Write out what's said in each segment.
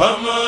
Vamos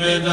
wa